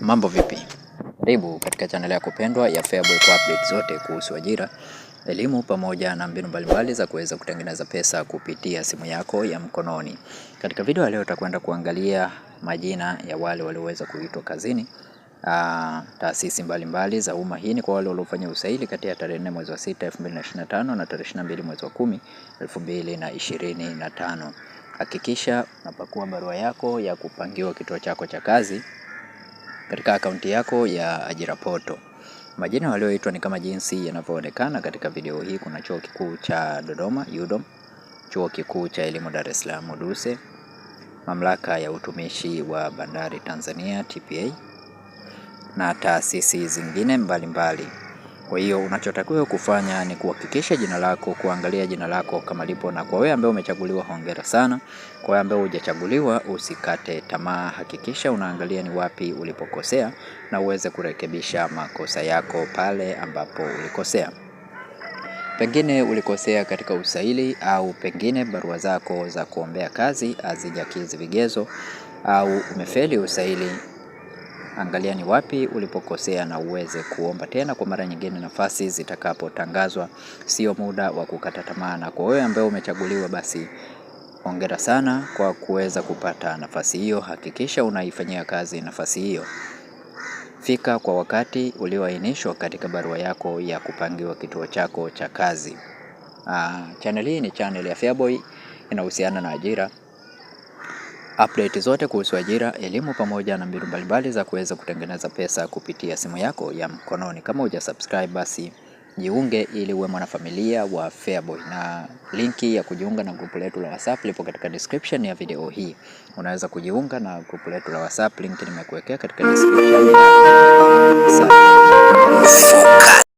Mambo vipi? Karibu katika channel yako pendwa ya Feaboy kwa update zote kuhusu ajira, elimu pamoja na mbinu mbalimbali za kuweza kutengeneza pesa kupitia simu yako ya mkononi. Katika video ya leo tutakwenda kuangalia majina ya wale walioweza kuitwa kazini Uh, taasisi mbalimbali za umma. Hii ni kwa wale waliofanya usaili kati ya tarehe 4 mwezi wa 6 2025 na tarehe 22 mwezi wa 10 2025. Hakikisha unapakua barua yako ya kupangiwa kituo chako cha kazi katika akaunti yako ya ajira poto. Majina walioitwa ni kama jinsi yanavyoonekana katika video hii. Kuna chuo kikuu cha Dodoma UDOM, chuo kikuu cha elimu Dar es Salaam DUSE, mamlaka ya utumishi wa bandari Tanzania TPA na taasisi zingine mbalimbali mbali. Kwa hiyo unachotakiwa kufanya ni kuhakikisha jina lako, kuangalia jina lako kama lipo. Na kwa wewe ambaye umechaguliwa, hongera sana. Kwa wewe ambaye hujachaguliwa, usikate tamaa, hakikisha unaangalia ni wapi ulipokosea na uweze kurekebisha makosa yako pale ambapo ulikosea. Pengine ulikosea katika usaili au pengine barua zako za kuombea kazi hazijakidhi vigezo au umefeli usaili angalia ni wapi ulipokosea na uweze kuomba tena kwa mara nyingine nafasi zitakapotangazwa. Sio muda wa kukata tamaa, na kwa wewe ambaye umechaguliwa, basi hongera sana kwa kuweza kupata nafasi hiyo. Hakikisha unaifanyia kazi nafasi hiyo. Fika kwa wakati ulioainishwa katika barua yako ya kupangiwa kituo chako cha kazi. Ah, channel hii ni channel ya FEABOY, inahusiana na ajira. Update zote kuhusu ajira, elimu pamoja na mbinu mbalimbali za kuweza kutengeneza pesa kupitia simu yako ya mkononi. Kama uja subscribe basi jiunge ili uwe mwanafamilia wa Feaboy, na linki ya kujiunga na grupu letu la WhatsApp lipo katika description ya video hii. Unaweza kujiunga na grupu letu la WhatsApp, linki nimekuwekea katika description.